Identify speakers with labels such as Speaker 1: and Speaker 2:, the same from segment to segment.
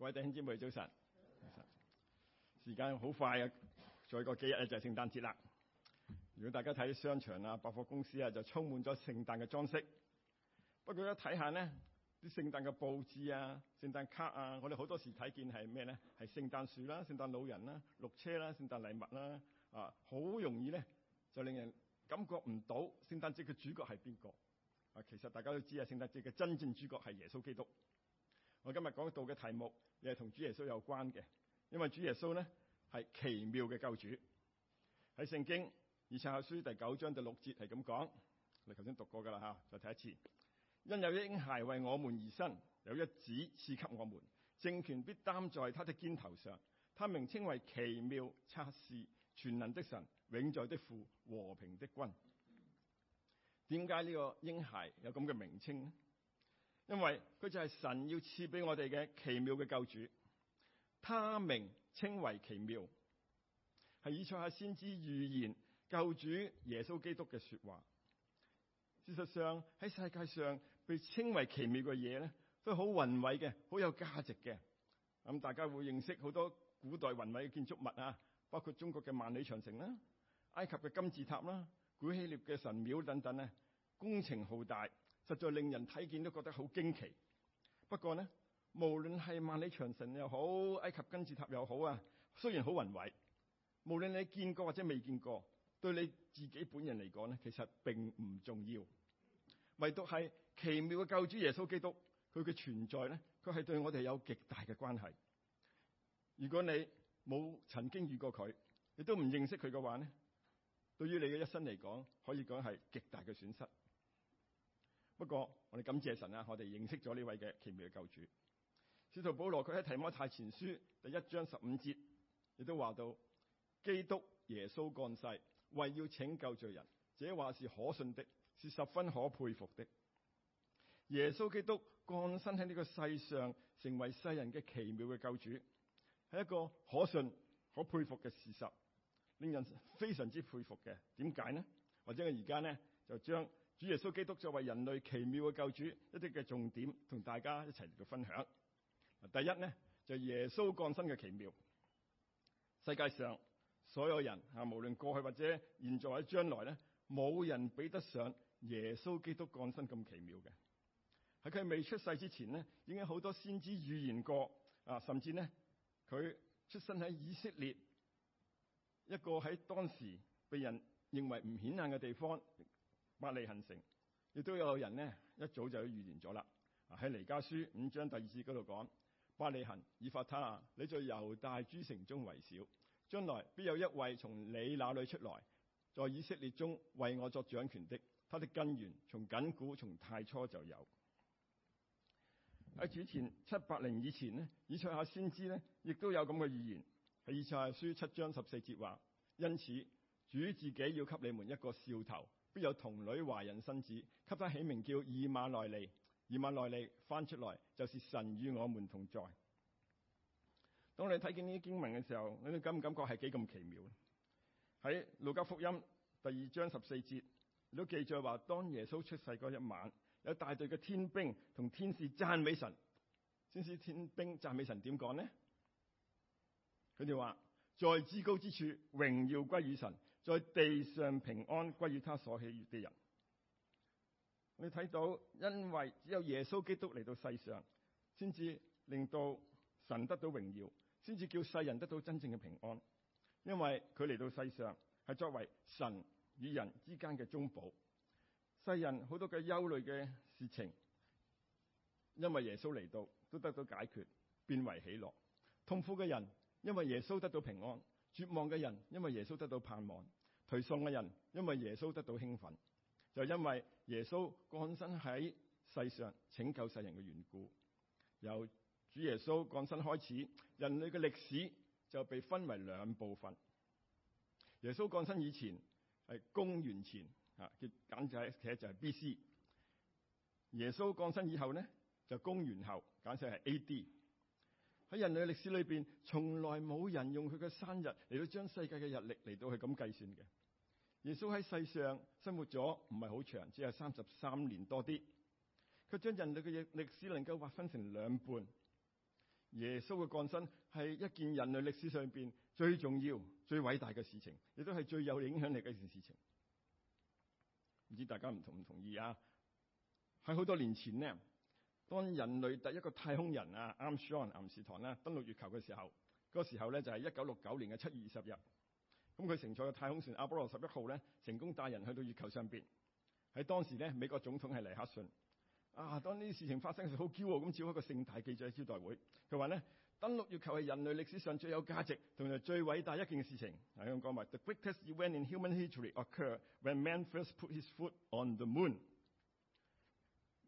Speaker 1: 各位弟兄姊妹，早晨！時間好快啊，再過幾日咧就係聖誕節啦。如果大家睇商場啊、百貨公司啊，就充滿咗聖誕嘅裝飾。不過咧睇下咧，啲聖誕嘅布置啊、聖誕卡啊，我哋好多時睇見係咩咧？係聖誕樹啦、聖誕老人啦、啊、綠車啦、聖誕禮物啦，啊，好、啊、容易咧就令人感覺唔到聖誕節嘅主角係邊個？啊，其實大家都知啊，聖誕節嘅真正主角係耶穌基督。我今日講到嘅題目，又係同主耶穌有關嘅，因為主耶穌呢，係奇妙嘅救主。喺聖經以賽亞書第九章第六節係咁講，我哋頭先讀過噶啦吓，再睇一次。因有嬰孩為我們而生，有一子賜給我們，政權必擔在他的肩頭上，他名稱為奇妙、策士、全能的神、永在的父、和平的君。點解呢個嬰孩有咁嘅名稱呢？因為佢就係神要賜俾我哋嘅奇妙嘅救主，他名稱為奇妙，係以賽亞先知預言救主耶穌基督嘅說話。事實上喺世界上被稱為奇妙嘅嘢咧，都好宏偉嘅，好有價值嘅。咁大家會認識好多古代宏偉嘅建築物啊，包括中國嘅萬里長城啦、埃及嘅金字塔啦、古希臘嘅神廟等等啊，工程浩大。實在令人睇見都覺得好驚奇。不過呢，無論係萬里長城又好，埃及金字塔又好啊，雖然好宏偉，無論你見過或者未見過，對你自己本人嚟講呢，其實並唔重要。唯獨係奇妙嘅救主耶穌基督，佢嘅存在呢，佢係對我哋有極大嘅關係。如果你冇曾經遇過佢，亦都唔認識佢嘅話呢，對於你嘅一生嚟講，可以講係極大嘅損失。不過我哋感謝神啊！我哋認識咗呢位嘅奇妙嘅救主。使徒保羅佢喺提摩太前書第一章十五節，亦都話到，基督耶穌降世，為要拯救罪人。這話是可信的，是十分可佩服的。耶穌基督降生喺呢個世上，成為世人嘅奇妙嘅救主，係一個可信、可佩服嘅事實。令人非常之佩服嘅。點解呢？或者佢而家呢就將。主耶穌基督作為人類奇妙嘅救主一啲嘅重點，同大家一齊嚟到分享。第一呢，就是耶穌降生嘅奇妙，世界上所有人啊，無論過去或者現在或者將來咧，冇人比得上耶穌基督降生咁奇妙嘅。喺佢未出世之前呢，已經好多先知預言過啊，甚至呢，佢出生喺以色列一個喺當時被人認為唔顯眼嘅地方。伯利恆城亦都有人呢一早就預言咗啦。喺彌迦書五章第二節嗰度講：伯利恆以法他，你在猶大諸城中為小，將來必有一位從你那裡出來，在以色列中為我作掌權的。他的根源從亘古從太初就有。喺主前七百年以前呢，以賽亞先知呢亦都有咁嘅預言。喺以賽亞書七章十四節話：因此主自己要給你們一個兆頭。必有童女懷孕身子，給他起名叫以馬內利。以馬內利翻出來，就是神與我們同在。當你睇見呢啲經文嘅時候，你都感唔感覺係幾咁奇妙？喺路加福音第二章十四節，你都記載話，當耶穌出世嗰一晚，有大隊嘅天兵同天使讚美神。天使天兵讚美神點講呢？佢哋話：在至高之處，榮耀歸與神。在地上平安歸於他所喜悦的人。你睇到，因為只有耶穌基督嚟到世上，先至令到神得到榮耀，先至叫世人得到真正嘅平安。因為佢嚟到世上係作為神與人之間嘅中保，世人好多嘅憂慮嘅事情，因為耶穌嚟到都得到解決，變為喜樂。痛苦嘅人因為耶穌得到平安，絕望嘅人因為耶穌得到盼望。去送嘅人，因為耶穌得到興奮，就因為耶穌降生喺世上拯救世人嘅緣故。由主耶穌降生開始，人類嘅歷史就被分為兩部分。耶穌降生以前係公元前啊，簡直係其實就係 B.C.；耶穌降生以後咧，就公元後，簡直係 A.D.。喺人類歷史裏邊，從來冇人用佢嘅生日嚟到將世界嘅日曆嚟到去咁計算嘅。耶穌喺世上生活咗唔係好長，只有三十三年多啲。佢將人類嘅歷史能夠劃分成兩半。耶穌嘅降生係一件人類歷史上邊最重要、最偉大嘅事情，亦都係最有影響力嘅一件事情。情唔知大家唔同唔同意啊？喺好多年前呢，當人類第一個太空人啊，啱 John 阿姆斯特朗啦，登陸月球嘅時候，嗰、嗰、時候咧就係一九六九年嘅七月二十日。咁佢乘坐嘅太空船阿波羅十一號咧，成功帶人去到月球上邊。喺當時咧，美國總統係尼克遜啊。當呢啲事情發生嘅時候，好驕傲咁召開一個盛大記者招待會。佢話咧，登陸月球係人類歷史上最有價值同埋最偉大一件事情。嗱、啊，咁講埋 The greatest event in human history occurred when man first put his foot on the moon。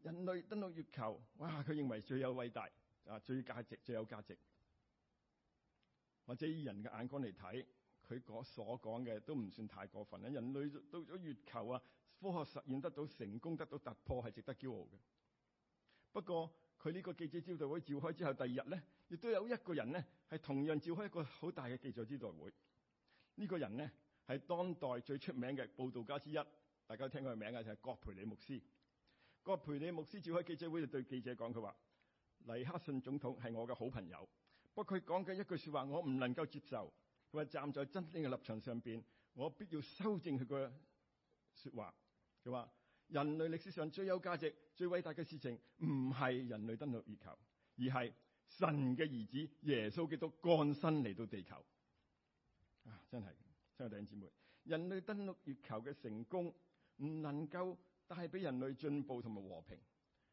Speaker 1: 人類登陸月球，哇！佢認為最有偉大啊，最價值，最有價值，或者以人嘅眼光嚟睇，佢所講嘅都唔算太過分啦。人類到咗月球啊，科學實現得到成功，得到突破係值得驕傲嘅。不過佢呢個記者招待會召開之後，第二日咧，亦都有一個人咧係同樣召開一個好大嘅記者招待會。呢、這個人咧係當代最出名嘅佈道家之一，大家聽佢名嘅就係、是、葛培理牧師。葛培理牧師召開記者會就對記者講：佢話，尼克遜總統係我嘅好朋友，不過佢講嘅一句説話我唔能夠接受。佢係站在真正嘅立場上面，我必要修正佢個説話。佢話人類歷史上最有價值、最偉大嘅事情，唔係人類登陸月球，而係神嘅兒子耶穌基督降生嚟到地球。啊，真係，親愛弟兄姊妹，人類登陸月球嘅成功唔能夠帶俾人類進步同埋和平，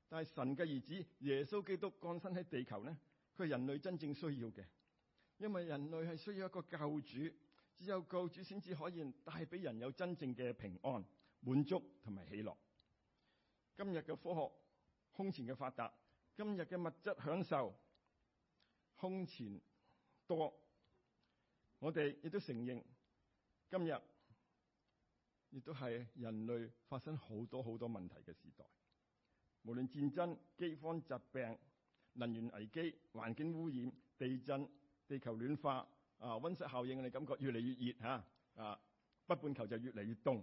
Speaker 1: 但係神嘅兒子耶穌基督降生喺地球呢，佢係人類真正需要嘅。因為人類係需要一個救主，只有救主先至可以帶俾人有真正嘅平安、滿足同埋喜樂。今日嘅科學空前嘅發達，今日嘅物質享受空前多。我哋亦都承認，今日亦都係人類發生好多好多問題嘅時代。無論戰爭、饑荒、疾病、能源危機、環境污染、地震。地球暖化啊，溫室效應，你感覺越嚟越熱嚇，啊，啊北半球就越嚟越凍，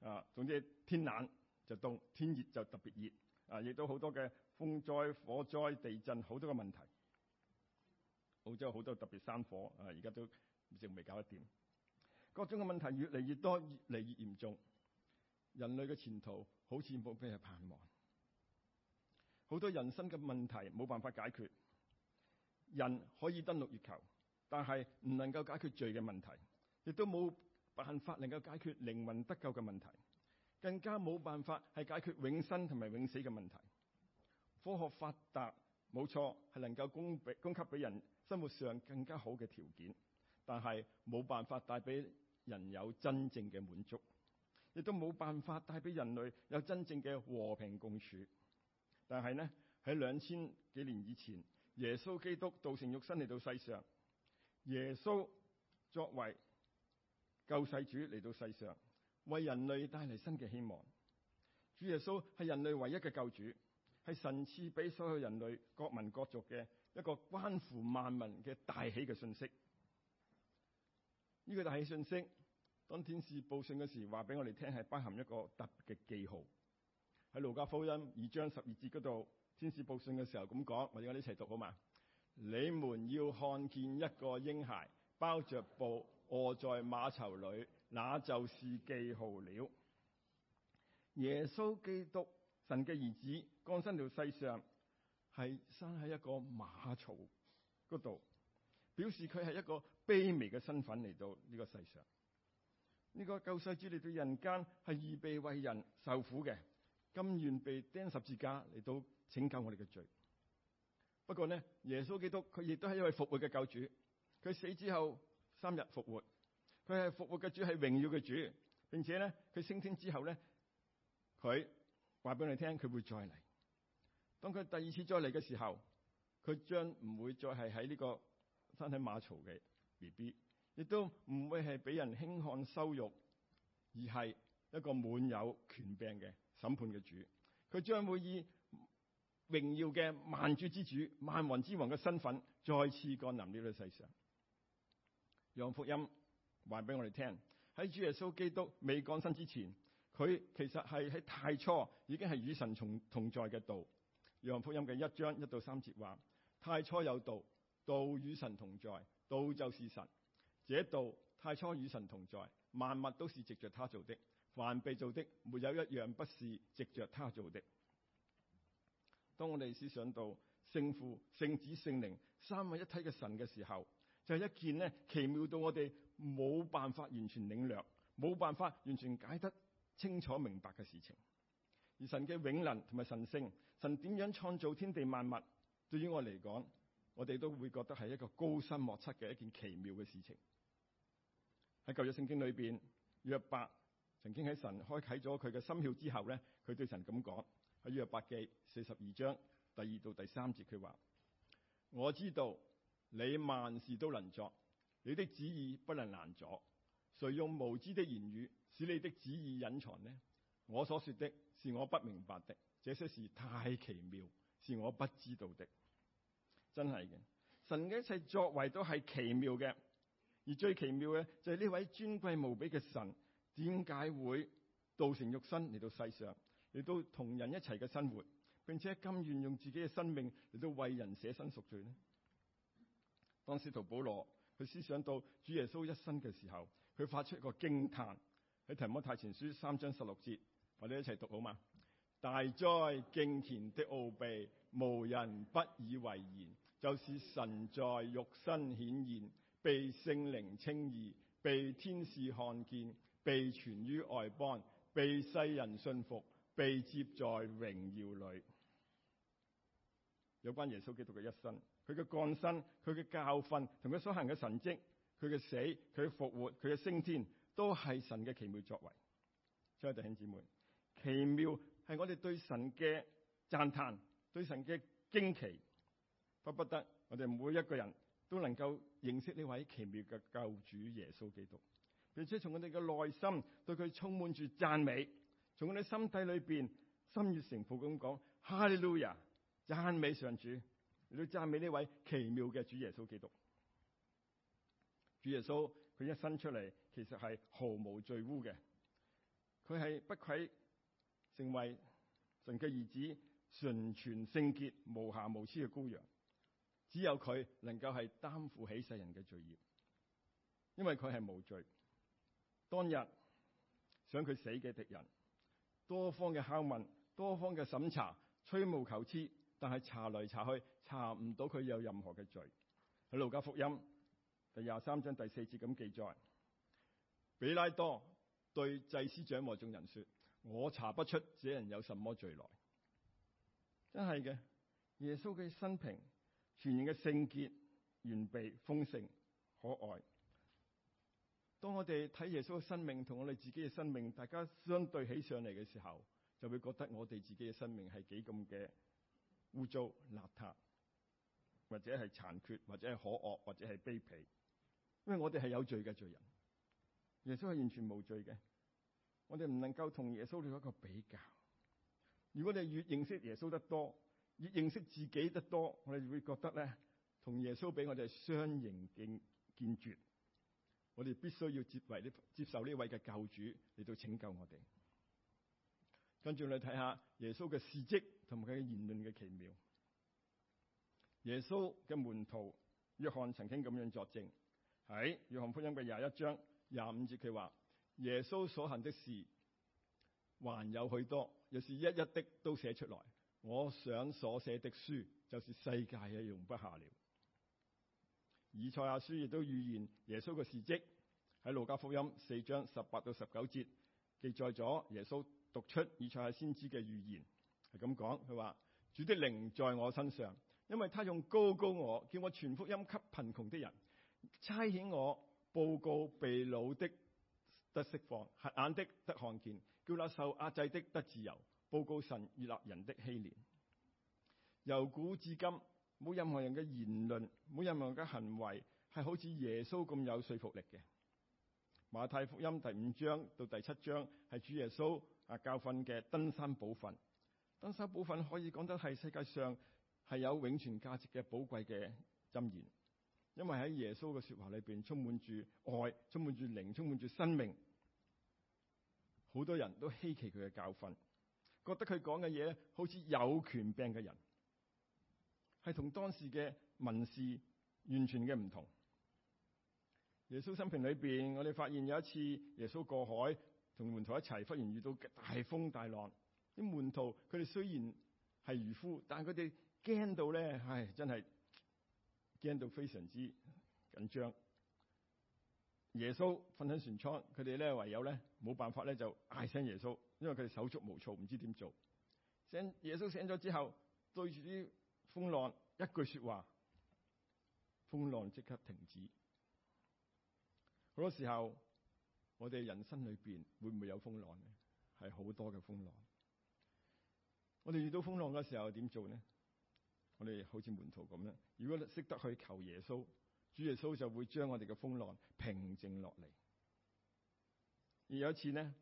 Speaker 1: 啊總之天冷就凍，天熱就特別熱，啊亦都好多嘅風災、火災、地震好多嘅問題。澳洲好多特別山火，啊而家都仲未搞得掂，各種嘅問題越嚟越多，越嚟越嚴重，人類嘅前途好似冇咩嘢盼望，好多人生嘅問題冇辦法解決。人可以登陸月球，但係唔能夠解決罪嘅問題，亦都冇辦法能夠解決靈魂得救嘅問題，更加冇辦法係解決永生同埋永死嘅問題。科學發達冇錯，係能夠供俾供給俾人生活上更加好嘅條件，但係冇辦法帶俾人有真正嘅滿足，亦都冇辦法帶俾人類有真正嘅和平共處。但係呢，喺兩千幾年以前。耶穌基督道成肉身嚟到世上，耶穌作為救世主嚟到世上，為人類帶嚟新嘅希望。主耶穌係人類唯一嘅救主，係神賜俾所有人類各民各族嘅一個關乎萬民嘅大喜嘅信息。呢、這個大喜信息，當天使報信嗰時話俾我哋聽，係包含一個特別嘅記號，喺路加福音二章十二節嗰度。天使報信嘅時候咁講，我哋啱啲一齊讀好嘛？你們要看見一個嬰孩包着布卧在馬槽裏，那就是記號了。耶穌基督，神嘅兒子，降生到世上係生喺一個馬槽嗰度，表示佢係一個卑微嘅身份嚟到呢個世上。呢、這個救世主嚟到人間係預備為人受苦嘅，甘願被釘十字架嚟到。拯救我哋嘅罪。不過咧，耶穌基督佢亦都係一位復活嘅救主。佢死之後三日復活，佢係復活嘅主，係榮耀嘅主，並且咧佢升天之後咧，佢話俾你哋聽佢會再嚟。當佢第二次再嚟嘅時候，佢將唔會再係喺呢個生喺馬槽嘅 B B，亦都唔會係俾人輕看羞辱，而係一個滿有權柄嘅審判嘅主。佢將會以。榮耀嘅萬主之主、萬王之王嘅身份，再次降臨呢個世上。約翰福音話俾我哋聽：喺主耶穌基督未降生之前，佢其實係喺太初已經係與神同同在嘅道。約翰福音嘅一章一到三節話：太初有道，道與神同在，道就是神。這道太初與神同在，萬物都是藉着他做的，凡被做的，沒有一樣不是藉着他做的。當我哋思想到聖父、聖子、聖靈三位一體嘅神嘅時候，就係、是、一件呢奇妙到我哋冇辦法完全領略、冇辦法完全解得清楚明白嘅事情。而神嘅永能同埋神聖，神點樣創造天地萬物，對於我嚟講，我哋都會覺得係一個高深莫測嘅一件奇妙嘅事情。喺舊約聖經裏邊，約伯曾經喺神開啟咗佢嘅心竅之後呢，佢對神咁講。喺約伯記四十二章第二到第三節，佢話：我知道你萬事都能作，你的旨意不能難阻。誰用無知的言語使你的旨意隱藏呢？我所說的是我不明白的，這些事太奇妙，是我不知道的。真係嘅，神嘅一切作為都係奇妙嘅，而最奇妙嘅就係呢位尊貴無比嘅神，點解會道成肉身嚟到世上？亦都同人一齊嘅生活，並且甘願用自己嘅生命嚟到為人捨身贖罪呢？當使徒保羅佢思想到主耶穌一生嘅時候，佢發出一個驚嘆喺《提摩太前書》三章十六節，我哋一齊讀好嗎？大哉敬虔的奧秘，無人不以為然。就是神在肉身顯現，被聖靈稱義，被天使看見，被傳於外邦，被世人信服。被接在榮耀裏，有關耶穌基督嘅一生，佢嘅降生、佢嘅教訓、同佢所行嘅神蹟、佢嘅死、佢復活、佢嘅升天，都係神嘅奇妙作為。所以弟兄姊妹，奇妙係我哋對神嘅讚嘆、對神嘅驚奇，巴不得我哋每一個人都能夠認識呢位奇妙嘅救主耶穌基督，並且從我哋嘅內心對佢充滿住讚美。從你心底裏邊，心悅誠服咁講：哈利路亞，讚美上主，你都讚美呢位奇妙嘅主耶穌基督。主耶穌佢一生出嚟，其實係毫無罪污嘅。佢係不愧成為神嘅兒子，純全聖潔、無瑕無疵嘅羔羊。只有佢能夠係擔負起世人嘅罪孽，因為佢係無罪。當日想佢死嘅敵人。多方嘅拷問，多方嘅審查，吹毛求疵，但係查嚟查去，查唔到佢有任何嘅罪。喺路加福音第廿三章第四節咁記載：比拉多對祭司長和眾人說：我查不出這人有什麼罪來。真係嘅，耶穌嘅生平，全然嘅聖潔、完備、豐盛、可愛。當我哋睇耶穌嘅生命同我哋自己嘅生命，大家相對起上嚟嘅時候，就會覺得我哋自己嘅生命係幾咁嘅污糟、邋遢，或者係殘缺，或者係可惡，或者係卑鄙。因為我哋係有罪嘅罪人，耶穌係完全無罪嘅。我哋唔能夠同耶穌做一個比較。如果你越認識耶穌得多，越認識自己得多，我哋就會覺得咧，同耶穌比我哋係相形見見絀。我哋必須要接為呢接受呢位嘅救主嚟到拯救我哋。跟住我哋睇下耶穌嘅事蹟同埋佢嘅言論嘅奇妙。耶穌嘅門徒約翰曾經咁樣作證喺《約翰福音》嘅廿一章廿五節，佢話：耶穌所行的事還有許多，又是一一的都寫出來，我想所寫的書就是世界也容不下了。以賽亞書亦都預言耶穌嘅事蹟，喺路加福音四章十八到十九節記載咗耶穌讀出以賽亞先知嘅預言，係咁講，佢話主的靈在我身上，因為他用膏膏我，叫我傳福音給貧窮的人，差遣我報告被擄的得釋放，瞎眼的得看見，叫那受壓制的得自由，報告神悅納人的禧年，由古至今。冇任何人嘅言論，冇任何人嘅行為，係好似耶穌咁有說服力嘅。馬太福音第五章到第七章係主耶穌啊教訓嘅登山寶訓。登山寶訓可以講得係世界上係有永存價值嘅寶貴嘅箴言，因為喺耶穌嘅說話裏邊充滿住愛，充滿住靈，充滿住生命。好多人都稀奇佢嘅教訓，覺得佢講嘅嘢好似有權柄嘅人。係同當時嘅民事完全嘅唔同。耶穌生平裏邊裡面，我哋發現有一次，耶穌過海同門徒一齊，忽然遇到大風大浪。啲門徒佢哋雖然係漁夫，但係佢哋驚到咧，唉，真係驚到非常之緊張。耶穌瞓喺船艙，佢哋咧唯有咧冇辦法咧就嗌醒耶穌，因為佢哋手足無措，唔知點做。醒耶穌醒咗之後，對住啲風浪一句說話，風浪即刻停止。好多時候，我哋人生裏邊會唔會有風浪咧？係好多嘅風浪。我哋遇到風浪嘅時候點做咧？我哋好似門徒咁咧。如果你識得去求耶穌，主耶穌就會將我哋嘅風浪平靜落嚟。而有一次咧，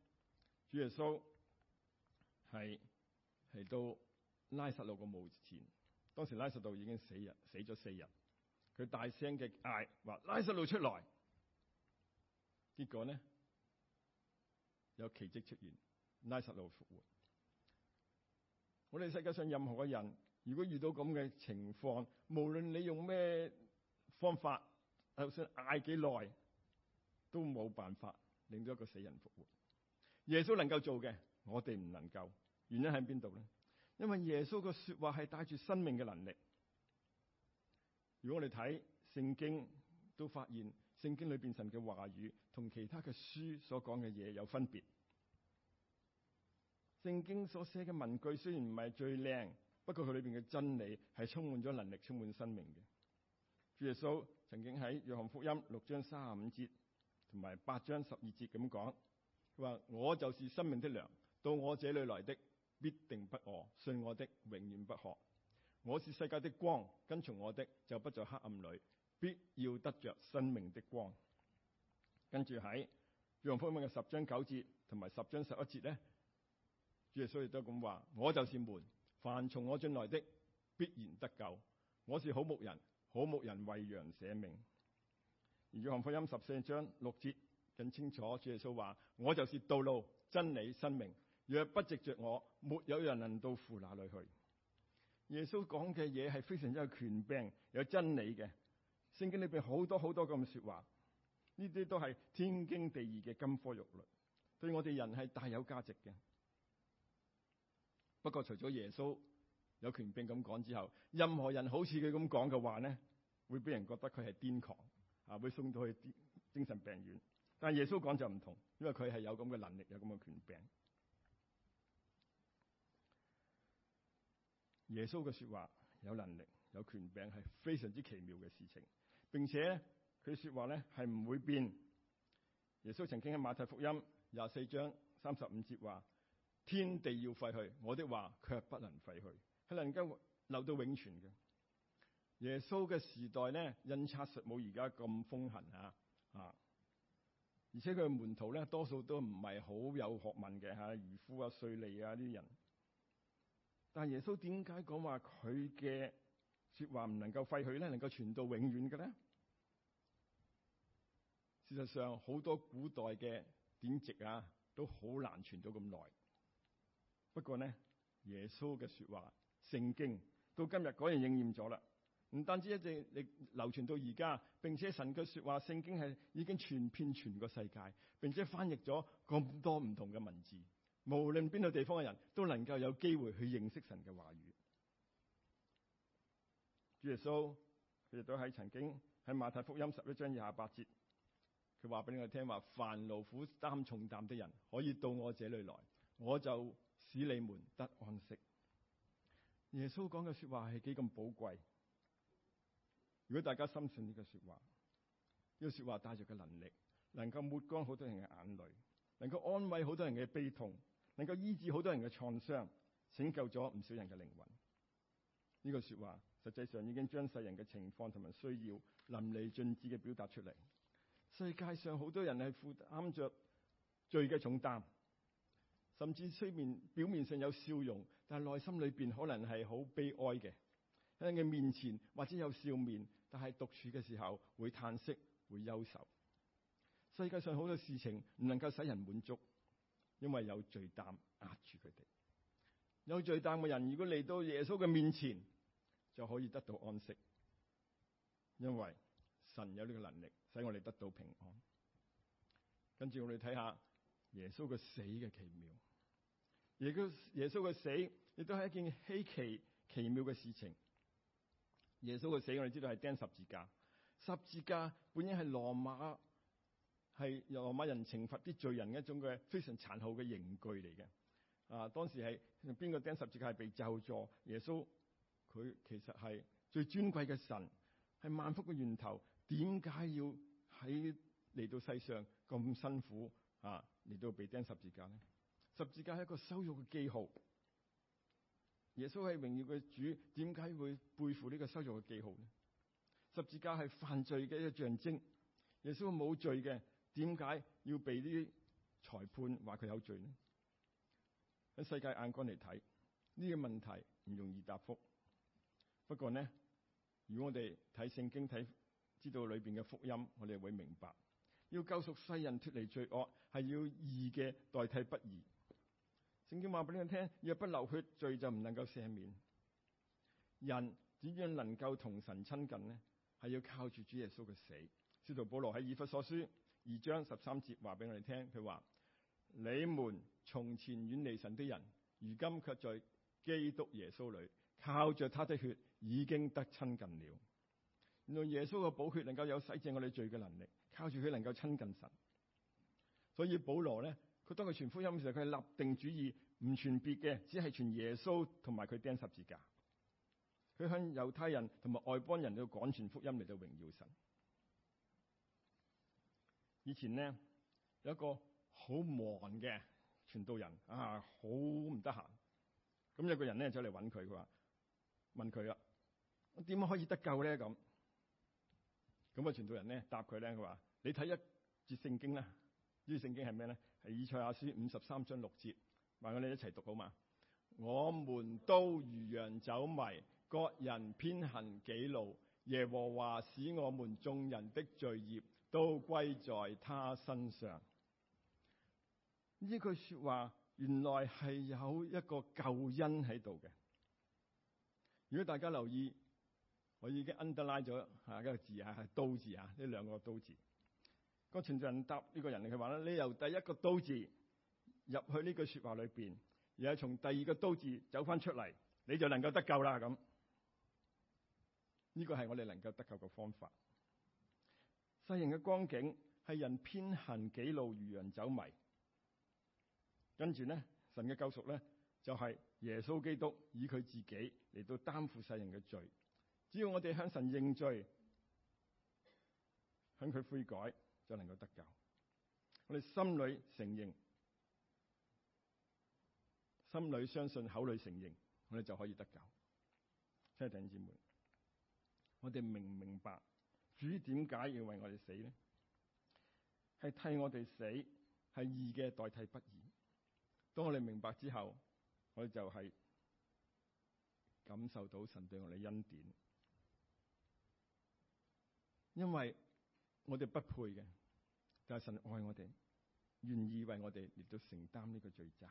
Speaker 1: 主耶穌係係到拉撒路嘅墓前。當時拉撒路已經死人，死咗四日，佢大聲嘅嗌，話拉撒路出來。結果呢有奇跡出現，拉撒路復活。我哋世界上任何嘅人，如果遇到咁嘅情況，無論你用咩方法，就算嗌幾耐，都冇辦法令到一個死人復活。耶穌能夠做嘅，我哋唔能夠，原因喺邊度呢？因為耶穌個說話係帶住生命嘅能力。如果我哋睇聖經，都發現聖經裏邊神嘅話語同其他嘅書所講嘅嘢有分別。聖經所寫嘅文句雖然唔係最靚，不過佢裏邊嘅真理係充滿咗能力、充滿生命嘅。主耶穌曾經喺約翰福音六章三十五節同埋八章十二節咁講，佢話：我就是生命的糧，到我這裏來的。必定不餓，信我的永遠不渴。我是世界的光，跟從我的就不在黑暗裏，必要得着生命的光。跟住喺約翰福音嘅十章九節同埋十章十一節呢，主耶穌亦都咁話：我就是門，凡從我進來的必然得救。我是好牧人，好牧人為羊捨命。而約翰福音十四章六節更清楚，主耶穌話：我就是道路、真理、生命。若不藉着我，沒有人能到父那裏去。耶穌講嘅嘢係非常之有權柄、有真理嘅。聖經裏邊好多好多咁嘅說話，呢啲都係天經地義嘅金科玉律，對我哋人係大有價值嘅。不過除咗耶穌有權柄咁講之後，任何人好似佢咁講嘅話咧，會俾人覺得佢係癲狂啊，會送到去啲精神病院。但係耶穌講就唔同，因為佢係有咁嘅能力，有咁嘅權柄。耶穌嘅說話有能力有權柄，係非常之奇妙嘅事情，並且佢說話咧係唔會變。耶穌曾經喺馬太福音廿四章三十五節話：天地要廢去，我的話卻不能廢去，係能夠留到永存嘅。耶穌嘅時代咧，印刷術冇而家咁風行啊啊！而且佢嘅門徒咧，多數都唔係好有學問嘅吓，漁夫啊、稅吏啊啲人。但係耶穌點解講話佢嘅說話唔能夠廢去咧？能夠傳到永遠嘅咧？事實上好多古代嘅典籍啊，都好難傳到咁耐。不過咧，耶穌嘅說話，聖經到今日果然應驗咗啦。唔單止一直你流傳到而家，並且神嘅說話，聖經係已經傳遍全個世界，並且翻譯咗咁多唔同嘅文字。無論邊度地方嘅人都能夠有機會去認識神嘅話語。耶穌佢哋都喺曾經喺馬太福音十一章廿八節，佢話俾你聽話：凡勞苦擔重擔的人，可以到我這裏來，我就使你們得安息。耶穌講嘅說話係幾咁寶貴。如果大家深信呢句說話，呢句說話帶住嘅能力，能夠抹乾好多人嘅眼淚，能夠安慰好多人嘅悲痛。能夠醫治好多人嘅創傷，拯救咗唔少人嘅靈魂。呢句說話實際上已經將世人嘅情況同埋需要淋漓盡致嘅表達出嚟。世界上好多人係負擔着罪嘅重擔，甚至雖面表面上有笑容，但內心裏邊可能係好悲哀嘅。喺人嘅面前或者有笑面，但係獨處嘅時候會嘆息、會憂愁。世界上好多事情唔能夠使人滿足。因為有罪擔壓住佢哋，有罪擔嘅人如果嚟到耶穌嘅面前，就可以得到安息，因為神有呢個能力使我哋得到平安。跟住我哋睇下耶穌嘅死嘅奇妙，耶穌耶穌嘅死亦都係一件稀奇奇妙嘅事情。耶穌嘅死我哋知道係釘十字架，十字架本應係羅馬。係羅馬人懲罰啲罪人的一種嘅非常殘酷嘅刑具嚟嘅，啊，當時係邊個釘十字架係被咒咗？耶穌佢其實係最尊貴嘅神，係萬福嘅源頭，點解要喺嚟到世上咁辛苦啊嚟到被釘十字架咧？十字架係一個羞辱嘅記號，耶穌係榮耀嘅主，點解會背負呢個羞辱嘅記號咧？十字架係犯罪嘅一個象徵，耶穌冇罪嘅。點解要被呢啲裁判話佢有罪呢？喺世界眼光嚟睇，呢個問題唔容易答覆。不過呢，如果我哋睇聖經睇知道裏邊嘅福音，我哋會明白，要救贖世人脱離罪惡，係要義嘅代替不義。聖經話俾你聽：若不流血，罪就唔能夠赦免。人點樣能夠同神親近呢？係要靠住主耶穌嘅死。使徒保羅喺以弗所書。而將十三節話俾我哋聽，佢話：你們從前遠離神的人，如今卻在基督耶穌裏，靠着他的血已經得親近了。原來耶穌嘅寶血能夠有洗淨我哋罪嘅能力，靠住佢能夠親近神。所以保羅呢，佢當佢傳福音嘅時候，佢係立定主意，唔傳別嘅，只係傳耶穌同埋佢釘十字架。佢向猶太人同埋外邦人去廣傳福音嚟到榮耀神。以前咧，有一個好忙嘅傳道人啊，好唔得閒。咁有個人咧就嚟揾佢，佢話問佢啦：我點樣可以得救咧？咁咁啊，傳道人咧答佢咧，佢話你睇一節聖經啦，聖經呢啲聖經係咩咧？係以賽亞書五十三章六節，我哋一齊讀好嘛？我們都如羊走迷，各人偏行己路。耶和華使我們眾人的罪孽，都歸在他身上。呢句說話原來係有一個救恩喺度嘅。如果大家留意，我已經 underline 咗啊，一個字吓，係刀字吓呢兩個刀字。剛才人答呢個人嚟嘅話咧，你由第一個刀字入去呢句說話裏邊，而係從第二個刀字走翻出嚟，你就能夠得救啦咁。呢個係我哋能夠得救嘅方法。世人嘅光景係人偏行己路，如人走迷。跟住呢，神嘅救贖呢，就係、是、耶穌基督以佢自己嚟到擔負世人嘅罪。只要我哋向神認罪，向佢悔改，就能夠得救。我哋心裏承認，心裏相信，口裏承認，我哋就可以得救。親愛的姊妹，我哋明唔明白？主點解要為我哋死咧？係替我哋死，係義嘅代替不義。當我哋明白之後，我哋就係感受到神對我哋恩典，因為我哋不配嘅，但係神愛我哋，願意為我哋嚟到承擔呢個罪債。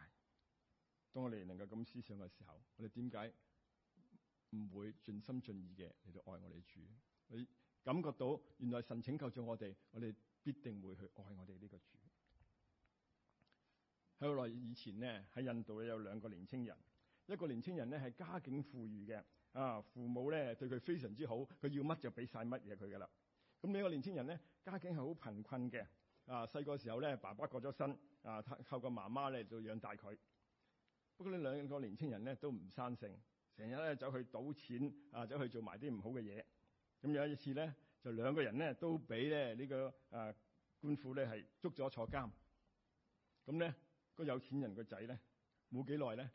Speaker 1: 當我哋能夠咁思想嘅時候，我哋點解唔會盡心盡意嘅嚟到愛我哋主？你？感覺到原來神拯救咗我哋，我哋必定會去愛我哋呢個主。喺好耐以前呢，喺印度有兩個年青人，一個年青人呢係家境富裕嘅，啊父母呢對佢非常之好，佢要乜就俾晒乜嘢佢噶啦。咁另一個年青人呢，家境係好貧困嘅，啊細個時候呢爸爸過咗身，啊靠個媽媽呢就養大佢。不過呢兩個年青人呢都唔生性，成日呢走去賭錢，啊走去做埋啲唔好嘅嘢。咁有一次咧，就兩個人咧都俾咧呢、呢個啊、呃、官府咧係捉咗坐監。咁咧、個有錢人嘅仔咧冇幾耐咧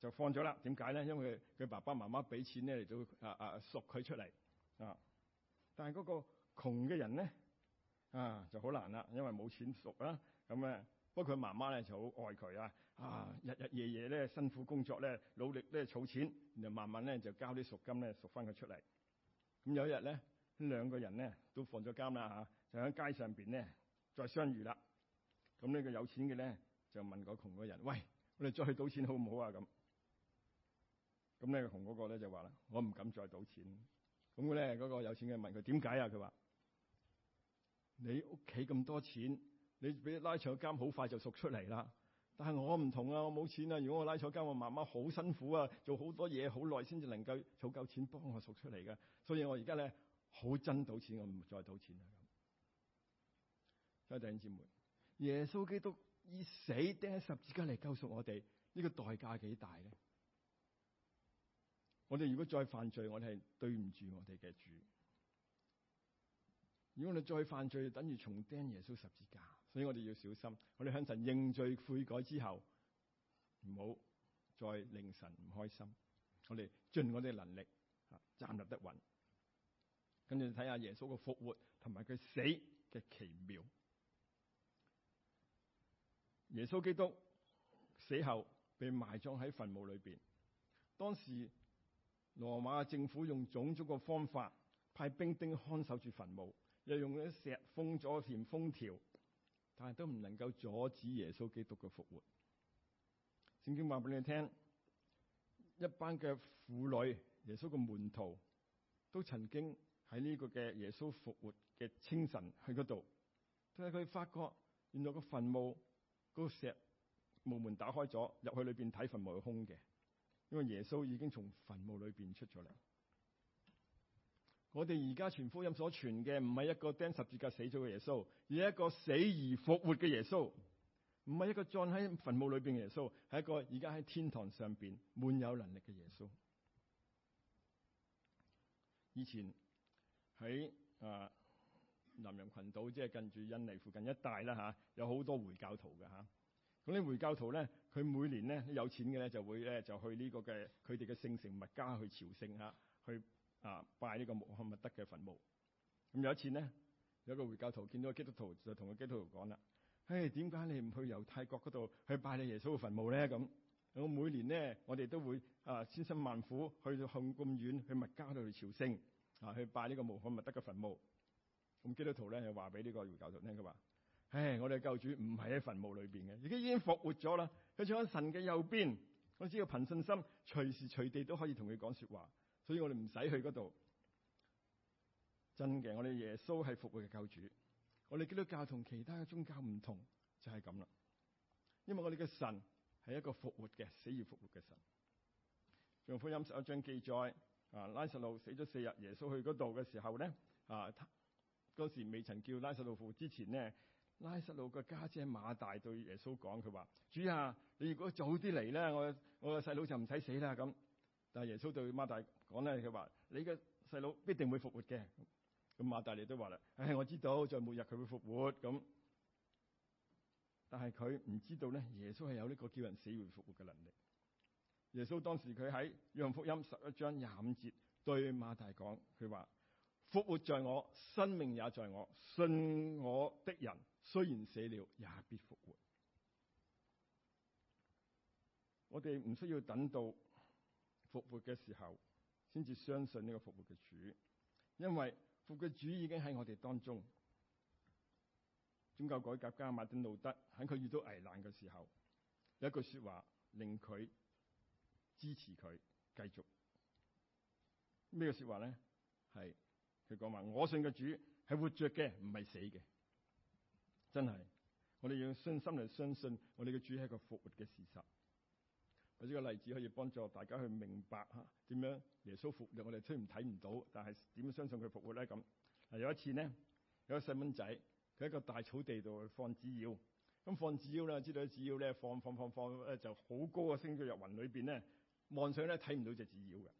Speaker 1: 就放咗啦。點解咧？因為佢佢爸爸媽媽俾錢咧嚟到啊啊贖佢出嚟啊。但係嗰個窮嘅人咧啊就好難啦，因為冇錢贖啊。咁咧不過佢媽媽咧就好愛佢啊啊，日日夜夜咧辛苦工作咧努力咧儲錢，然後慢慢咧就交啲贖金咧贖翻佢出嚟。咁有一日咧，呢兩個人咧都放咗監啦嚇，就喺街上邊咧再相遇啦。咁呢個有錢嘅咧就問個窮嘅人：喂，我哋再去賭錢好唔好啊？咁，咁呢窮嗰個咧就話啦：我唔敢再賭錢。咁咧嗰個有錢嘅問佢點解啊？佢話：你屋企咁多錢，你俾你拉長個監好快就贖出嚟啦。但係我唔同啊，我冇錢啊！如果我拉坐監，我媽媽好辛苦啊，做好多嘢好耐先至能夠儲夠錢幫我贖出嚟嘅。所以我而家咧好憎賭錢，我唔再賭錢啦。弟兄姊妹，耶穌基督以死釘喺十字架嚟，救贖我哋，呢個代價幾大咧？我哋如果再犯罪，我哋係對唔住我哋嘅主。如果你再犯罪，等於重釘耶穌十字架。所以我哋要小心，我哋向神認罪悔改之後，唔好再令神唔開心。我哋盡我哋嘅能力，啊，站立得穩。跟住睇下耶穌嘅復活同埋佢死嘅奇妙。耶穌基督死後被埋葬喺墳墓裏邊。當時羅馬政府用種種嘅方法派兵丁看守住墳墓，又用啲石封咗填封條。但係都唔能夠阻止耶穌基督嘅復活。聖經話俾你聽，一班嘅婦女、耶穌嘅門徒都曾經喺呢個嘅耶穌復活嘅清晨去嗰度，但係佢發覺原來個墳墓嗰石墓門打開咗，入去裏邊睇墳墓係空嘅，因為耶穌已經從墳墓裏邊出咗嚟。我哋而家全福音所傳嘅，唔係一個釘十字架死咗嘅耶穌，而係一個死而復活嘅耶穌，唔係一個葬喺墳墓裏邊嘅耶穌，係一個而家喺天堂上邊滿有能力嘅耶穌。以前喺啊、呃、南洋群島，即係近住印尼附近一帶啦嚇，有好多回教徒嘅嚇。咁啲回教徒咧，佢每年咧有錢嘅咧就會咧就去呢個嘅佢哋嘅聖城麥加去朝聖嚇，去。啊！拜呢個穆罕默德嘅墳墓。咁有一次咧，有一個回教徒見到基督徒，就同個基督徒講啦：，唉、哎，點解你唔去猶太國嗰度去拜你耶穌嘅墳墓咧？咁我每年咧，我哋都會啊千辛萬苦去到咁遠去麥加嗰度嚟朝聖啊，去拜呢個穆罕默德嘅墳墓。咁基督徒咧就話俾呢個回教徒聽佢話：，唉、哎，我哋救主唔係喺墳墓裏邊嘅，而家已經復活咗啦。佢坐喺神嘅右邊，我只要憑信心，隨時隨地都可以同佢講說話。所以我哋唔使去嗰度，真嘅，我哋耶穌係復活嘅救主。我哋基督教同其他嘅宗教唔同，就係咁啦。因為我哋嘅神係一個復活嘅、死而復活嘅神。《約翰福音》十一章記載，啊拉撒路死咗四日，耶穌去嗰度嘅時候咧，啊嗰時未曾叫拉撒路復活之前咧，拉撒路嘅家姐馬大對耶穌講，佢話：主啊，你如果早啲嚟咧，我我個細佬就唔使死啦咁。但係耶穌對馬大講咧，佢話：你嘅細佬必定會復活嘅。咁馬大亦都話啦：，唉、哎，我知道在末日佢會復活。咁，但係佢唔知道咧，耶穌係有呢個叫人死會復活嘅能力。耶穌當時佢喺約翰福音十一章廿五節對馬大講：，佢話復活在我，生命也在我。信我的人雖然死了，也必復活。我哋唔需要等到。復活嘅時候，先至相信呢個復活嘅主，因為復活嘅主已經喺我哋當中。宗教改革家馬丁路德喺佢遇到危難嘅時候，有一句說話令佢支持佢繼續。咩嘅說話呢？係佢講話：我信嘅主係活着嘅，唔係死嘅。真係，我哋要信心嚟相信我哋嘅主係一個復活嘅事實。有呢個例子可以幫助大家去明白嚇點樣耶穌復活，我哋雖然睇唔到，但係點樣相信佢復活咧？咁嗱有一次咧，有個一細蚊仔佢喺個大草地度放紙鷂，咁放紙鷂咧，知道啲紙鷂咧放放放放誒就好高啊，升咗入雲裏邊咧，望上咧睇唔到隻紙鷂嘅。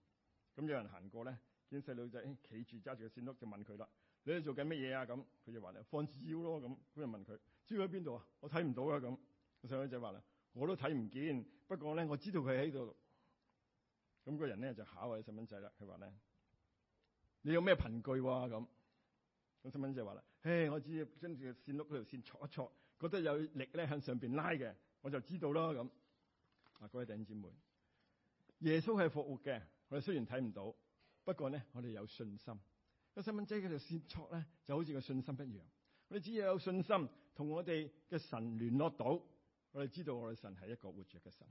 Speaker 1: 咁有人行過咧，見細路仔企住揸住個線碌，就問佢啦：你喺度做緊乜嘢啊？咁佢就話你放紙鷂咯。咁咁就問佢：紙鷂喺邊度啊？我睇唔到啊。咁細路仔話啦。我都睇唔見，不過咧我知道佢喺度。咁、嗰個人咧就考下細蚊仔啦，佢話咧：你有咩憑據喎？咁，咁細蚊仔話啦：誒，我只要跟住線碌嗰條線戳一戳，覺得有力咧向上邊拉嘅，我就知道啦。咁，嗱、啊，各位弟兄姊妹，耶穌係復活嘅。我哋雖然睇唔到，不過咧我哋有信心。個細蚊仔嗰條線戳咧就好似個信心一樣。我哋只要有，有信心，同我哋嘅神聯絡到。我哋知道我哋神係一個活著嘅神，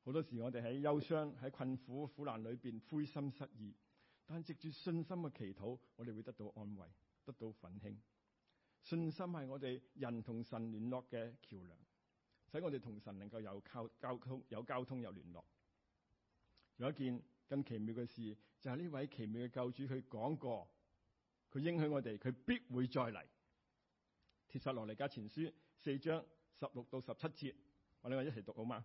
Speaker 1: 好多時我哋喺憂傷、喺困苦、苦難裏邊灰心失意，但係藉住信心嘅祈禱，我哋會得到安慰、得到奮興。信心係我哋人同神聯絡嘅橋樑，使我哋同神能夠有靠交通、有交通、有聯絡。有一件更奇妙嘅事，就係、是、呢位奇妙嘅救主，佢講過，佢應許我哋，佢必會再嚟。《帖撒羅尼迦前書》四章。十六到十七節，我哋一齊讀好嗎？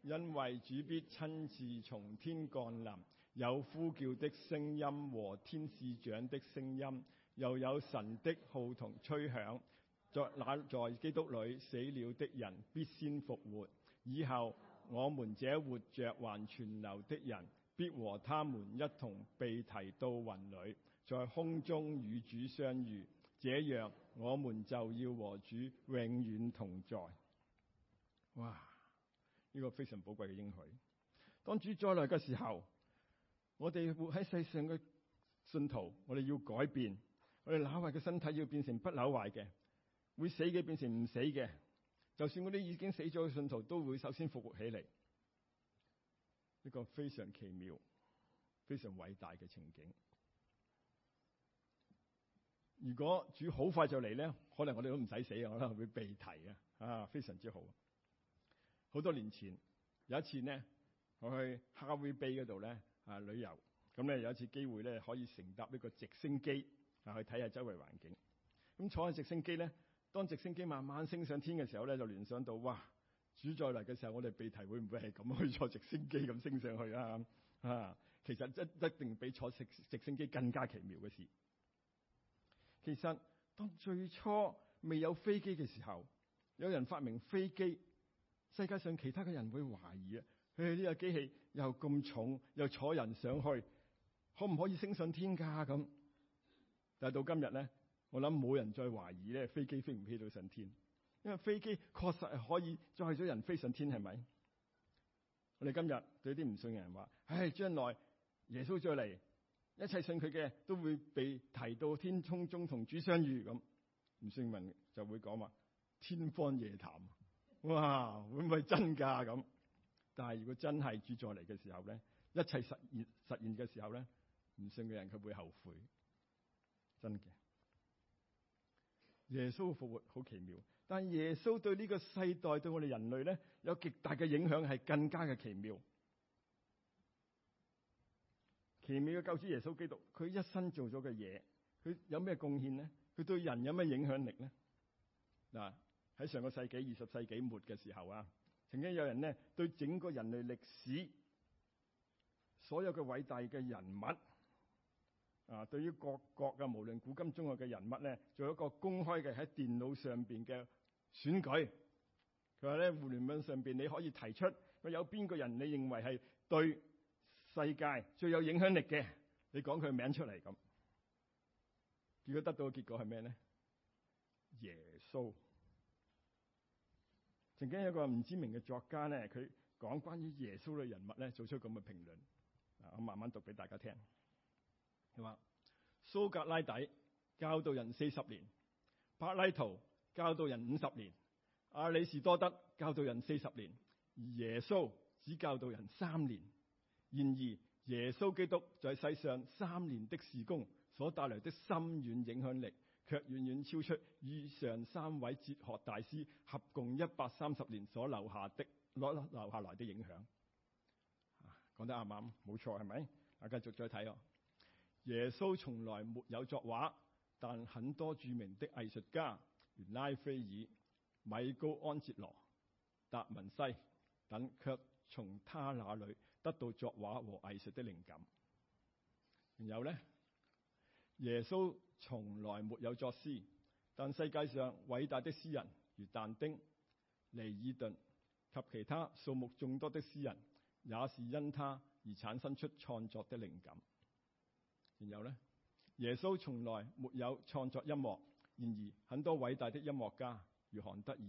Speaker 1: 因為主必親自從天降臨，有呼叫的聲音和天使長的聲音，又有神的號同吹響，在那在基督裏死了的人必先復活，以後我們這活着還存留的人，必和他們一同被提到雲裏，在空中與主相遇。這樣，我們就要和主永遠同在。哇！呢個非常寶貴嘅應許。當主再來嘅時候，我哋活喺世上嘅信徒，我哋要改變，我哋朽壞嘅身體要變成不朽壞嘅，會死嘅變成唔死嘅。就算嗰啲已經死咗嘅信徒，都會首先復活起嚟。一個非常奇妙、非常偉大嘅情景。如果主好快就嚟咧，可能我哋都唔使死，我可能會被提啊！啊，非常之好。好多年前有一次咧，我去 Harvey Bay 嗰度咧啊，旅遊，咁咧有一次機會咧可以乘搭呢個直升機啊去睇下周圍環境。咁坐喺直升機咧，當直升機慢慢升上天嘅時候咧，就聯想到哇，主再嚟嘅時候，我哋被提會唔會係咁去坐直升機咁升上去啊？啊，其實一一定比坐直直升機更加奇妙嘅事。其實當最初未有飛機嘅時候，有人發明飛機，世界上其他嘅人會懷疑啊！誒、哎、呢，這個機器又咁重，又坐人上去，可唔可以升上天架咁？但係到今日咧，我諗冇人再懷疑咧，飛機飛唔飛到上天？因為飛機確實係可以載咗人飛上天，係咪？我哋今日對啲唔信嘅人話，唉、哎，將來耶穌再嚟，一切信佢嘅都會被提到天空中同主相遇咁，唔信嘅人就會講話天方夜譚，哇！會唔會真㗎咁、啊？但係如果真係主再嚟嘅時候咧，一切實現實現嘅時候咧，唔信嘅人佢會後悔，真嘅。耶穌復活好奇妙，但係耶穌對呢個世代，對我哋人類咧有極大嘅影響係更加嘅奇妙。奇妙嘅救主耶穌基督，佢一生做咗嘅嘢，佢有咩貢獻咧？佢對人有咩影響力咧？嗱、啊，喺上個世紀二十世紀末嘅時候啊，曾經有人咧對整個人類歷史所有嘅偉大嘅人物啊，對於各國嘅無論古今中外嘅人物咧，做一個公開嘅喺電腦上邊嘅選舉。佢話咧，互聯網上邊你可以提出，有邊個人你認為係對？世界最有影響力嘅，你講佢名出嚟咁，結果得到嘅結果係咩咧？耶穌曾經有個唔知名嘅作家咧，佢講關於耶穌嘅人物咧，做出咁嘅評論，啊，我慢慢讀俾大家聽。佢話：蘇格拉底教導人四十年，柏拉圖教導人五十年，阿里士多德教導人四十年，而耶穌只教導人三年。然而，耶穌基督在世上三年的事工，所帶來的深遠影響力，卻遠遠超出以上三位哲學大師合共一百三十年所留下的留留下來的影響。講得啱啱？冇錯，係咪？啊，繼續再睇。耶穌從來沒有作畫，但很多著名的藝術家，如拉斐爾、米高安哲羅、達文西等，卻從他那裏。得到作畫和藝術的靈感。然後呢，耶穌從來沒有作詩，但世界上偉大的詩人如但丁、尼爾頓及其他數目眾多的詩人，也是因他而產生出創作的靈感。然後呢，耶穌從來沒有創作音樂，然而很多偉大的音樂家如韓德爾、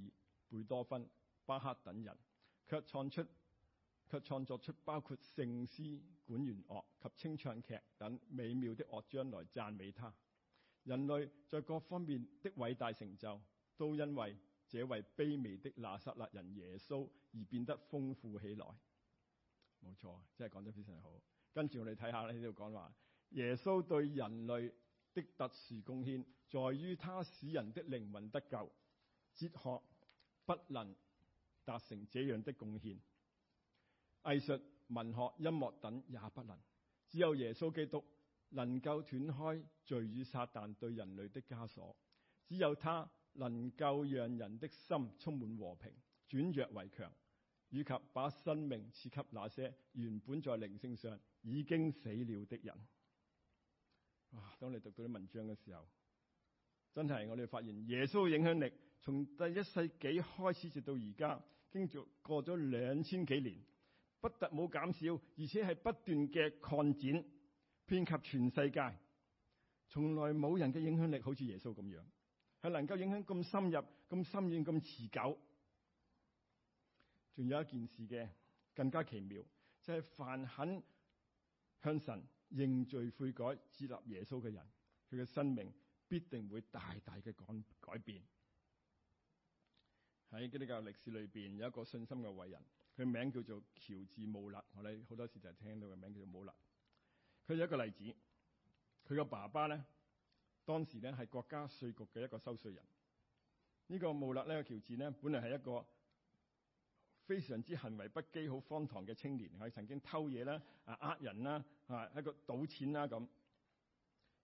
Speaker 1: 貝多芬、巴克等人，卻創出。卻創作出包括聖詩、管弦樂及清唱劇等美妙的樂章來讚美他。人類在各方面的偉大成就，都因為這位卑微的拿撒勒人耶穌而變得豐富起來。冇錯，真係講得非常好。跟住我哋睇下呢度講話，耶穌對人類的特殊貢獻，在於他使人的靈魂得救。哲學不能達成這樣的貢獻。藝術、文學、音樂等也不能，只有耶穌基督能夠斷開罪與撒但對人類的枷鎖，只有他能夠讓人的心充滿和平，轉弱為強，以及把生命賜給那些原本在靈性上已經死了的人。當你讀到啲文章嘅時候，真係我哋發現耶穌嘅影響力，從第一世紀開始直到而家，經過過咗兩千幾年。不得冇減少，而且係不斷嘅擴展，遍及全世界。從來冇人嘅影響力好似耶穌咁樣，係能夠影響咁深入、咁深遠、咁持久。仲有一件事嘅更加奇妙，就係、是、凡肯向神認罪悔改、志立耶穌嘅人，佢嘅生命必定會大大嘅改改變。喺基督教歷史裏邊，有一個信心嘅偉人。佢名叫做喬治·穆勒，我哋好多時就係聽到嘅名叫做穆勒。佢有一個例子，佢個爸爸咧，當時咧係國家稅局嘅一個收稅人。呢個穆勒呢個喬治咧，本來係一個非常之行為不羈、好荒唐嘅青年，佢曾經偷嘢啦、啊呃人啦、啊一個賭錢啦咁。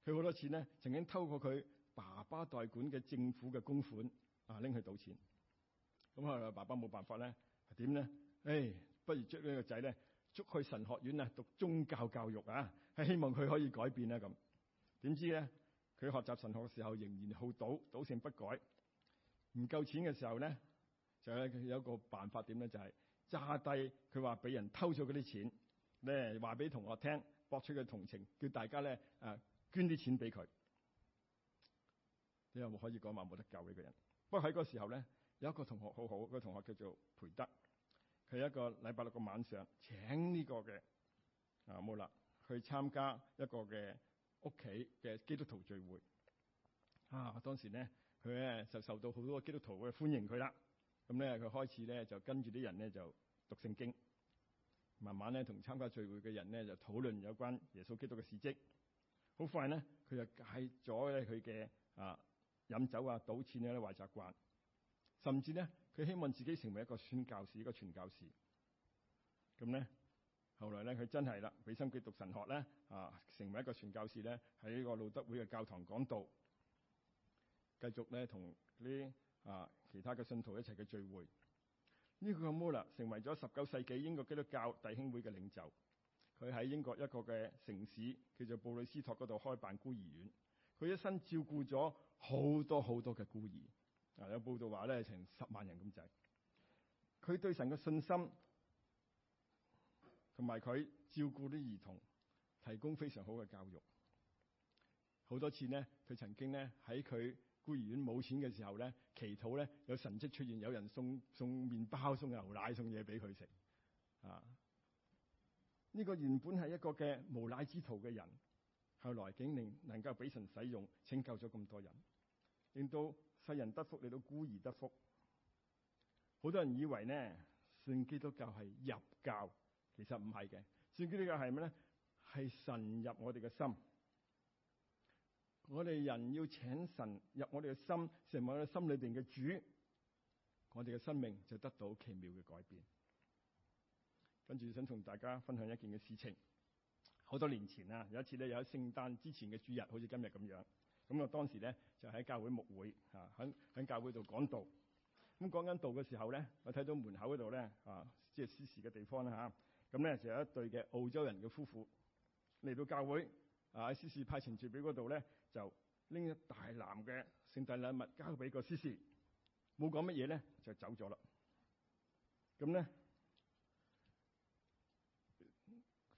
Speaker 1: 佢好多次咧，曾經偷過佢爸爸代管嘅政府嘅公款，啊拎去賭錢。咁啊，爸爸冇辦法咧，係點咧？誒、哎，不如捉呢個仔咧，捉去神學院啊，讀宗教教育啊，係希望佢可以改變啦、啊。咁點知咧，佢學習神學嘅時候仍然好賭，賭性不改。唔夠錢嘅時候咧，就有有個辦法點咧，就係詐低。佢話俾人偷咗嗰啲錢咧，話俾同學聽，博出嘅同情，叫大家咧誒、啊、捐啲錢俾佢。你有冇可以講話冇得救呢個人？不過喺嗰時候咧，有一個同學好好，嗰個同學叫做培德。佢一個禮拜六個晚上請呢個嘅啊冇啦去參加一個嘅屋企嘅基督徒聚會啊！當時咧，佢咧就受到好多基督徒嘅歡迎佢啦，咁咧佢開始咧就跟住啲人咧就讀聖經，慢慢咧同參加聚會嘅人咧就討論有關耶穌基督嘅事蹟。好快咧佢就戒咗咧佢嘅啊飲酒啊、賭錢嗰、啊、啲壞習慣，甚至咧。佢希望自己成為一個宣教士，一個傳教士。咁咧，後來咧，佢真係啦，俾心機讀神學咧，啊，成為一個傳教士咧，喺呢個路德會嘅教堂講道，繼續咧同啲啊其他嘅信徒一齊嘅聚會。呢個摩拉成為咗十九世紀英國基督教弟兄會嘅領袖。佢喺英國一個嘅城市叫做布里斯托嗰度開辦孤兒院。佢一生照顧咗好多好多嘅孤兒。嗱有報道話咧，成十萬人咁滯。佢對神嘅信心同埋佢照顧啲兒童，提供非常好嘅教育。好多次呢，佢曾經呢喺佢孤兒院冇錢嘅時候咧，祈禱咧有神蹟出現，有人送送麵包、送牛奶、送嘢俾佢食。啊，呢個原本係一個嘅無賴之徒嘅人，後來竟然能夠俾神使用，拯救咗咁多人，令到。他人得福，你都孤兒得福。好多人以為呢，信基督教係入教，其實唔係嘅。信基督教係咩呢？係神入我哋嘅心。我哋人要請神入我哋嘅心，成為我哋心裏邊嘅主，我哋嘅生命就得到奇妙嘅改變。跟住想同大家分享一件嘅事情。好多年前啊，有一次咧，有喺聖誕之前嘅主日，好似今日咁樣。咁啊，我當時咧就喺教會牧會啊，喺喺教會度講道。咁講緊道嘅時候咧，我睇到門口嗰度咧啊，即係司事嘅地方啦嚇。咁、啊、咧就有一對嘅澳洲人嘅夫婦嚟到教會啊，喺司事派程序表嗰度咧，就拎一大籃嘅聖誕禮物交俾個司事，冇講乜嘢咧就走咗啦。咁咧。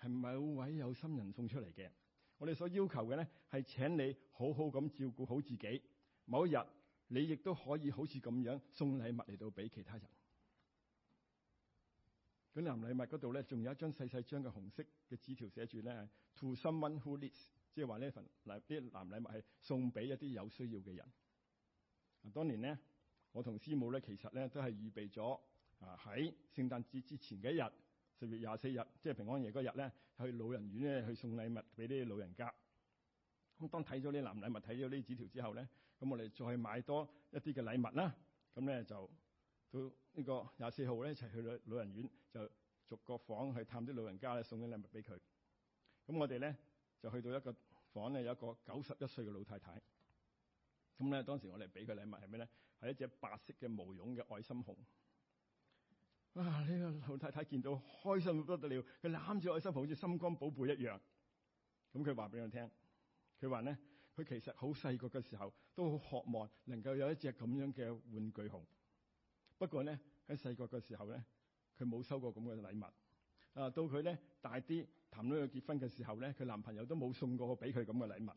Speaker 1: 係某位有心人送出嚟嘅，我哋所要求嘅咧，係請你好好咁照顧好自己。某一日，你亦都可以好似咁樣送禮物嚟到俾其他人。咁男禮物嗰度咧，仲有一張細細張嘅紅色嘅紙條，寫住咧，to someone who lives, 即係話呢份男啲男禮物係送俾一啲有需要嘅人。當年咧，我同師母咧，其實咧都係預備咗啊喺聖誕節之前嘅一日。十月廿四日，即係平安夜嗰日咧，去老人院咧去送禮物俾啲老人家。咁當睇咗啲藍禮物，睇咗呢紙條之後咧，咁我哋再買多一啲嘅禮物啦。咁咧就到呢個廿四號咧一齊去老老人院，就逐個房去探啲老人家咧，送啲禮物俾佢。咁我哋咧就去到一個房咧，有一個九十一歲嘅老太太。咁咧當時我哋俾佢禮物係咩咧？係一隻白色嘅毛茸嘅愛心熊。啊！呢，這個老太太見到開心到不得了，佢攬住愛心熊好似心肝寶貝一樣，咁佢話俾我聽，佢話咧，佢其實好細個嘅時候都好渴望能夠有一隻咁樣嘅玩具熊。不過咧，喺細個嘅時候咧，佢冇收過咁嘅禮物。啊，到佢咧大啲談到佢結婚嘅時候咧，佢男朋友都冇送過俾佢咁嘅禮物。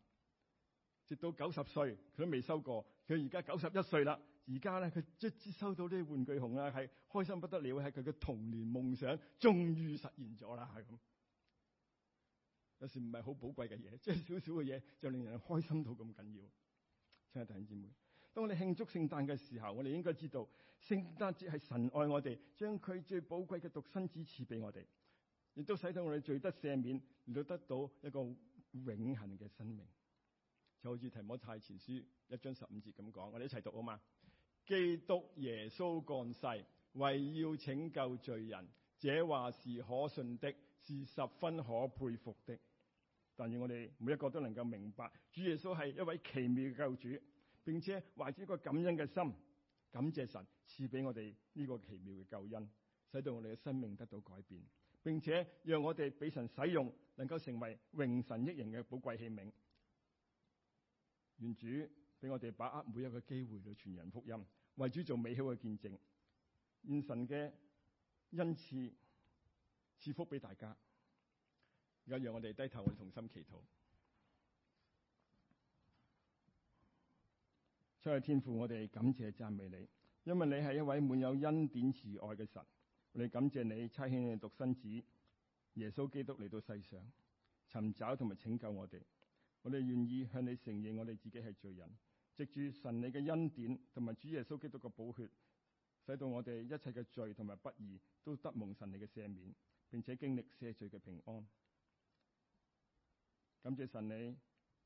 Speaker 1: 直到九十歲佢都未收過，佢而家九十一歲啦。而家咧佢即收到啲玩具熊啦，係開心不得了，係佢嘅童年夢想終於實現咗啦。咁有時唔係好寶貴嘅嘢，即係少少嘅嘢就令人開心到咁緊要。親愛的弟兄姊妹，當我哋慶祝聖誕嘅時候，我哋應該知道，聖誕節係神愛我哋，將佢最寶貴嘅獨生子賜俾我哋，亦都使到我哋罪得赦免，嚟到得到一個永恆嘅生命。就好似《提摩太前書》一章十五節咁講，我哋一齊讀好嘛！基督耶穌降世，為要拯救罪人，這話是可信的，是十分可佩服的。但願我哋每一個都能夠明白，主耶穌係一位奇妙嘅救主，並且懷住一個感恩嘅心，感謝神賜俾我哋呢個奇妙嘅救恩，使到我哋嘅生命得到改變，並且讓我哋俾神使用，能夠成為榮神益人嘅寶貴器皿。願主俾我哋把握每一個機會去傳人福音，為主做美好嘅見證，願神嘅恩賜賜福俾大家。而家讓我哋低頭，去哋同心祈禱。親愛的天父，我哋感謝讚美你，因為你係一位滿有恩典慈愛嘅神，我哋感謝你差遣你嘅獨生子耶穌基督嚟到世上，尋找同埋拯救我哋。我哋願意向你承認，我哋自己係罪人。藉住神你嘅恩典，同埋主耶穌基督嘅寶血，使到我哋一切嘅罪同埋不義，都得蒙神你嘅赦免，並且經歷赦罪嘅平安。感謝神你，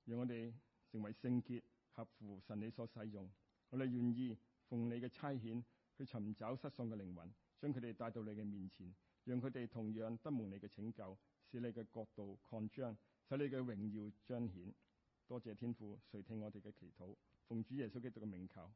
Speaker 1: 讓我哋成為聖潔，合乎神你所使用。我哋願意奉你嘅差遣，去尋找失喪嘅靈魂，將佢哋帶到你嘅面前，讓佢哋同樣得蒙你嘅拯救，使你嘅國度擴張，使你嘅榮耀彰顯，多謝天父垂聽我哋嘅祈禱，奉主耶穌基督嘅名求。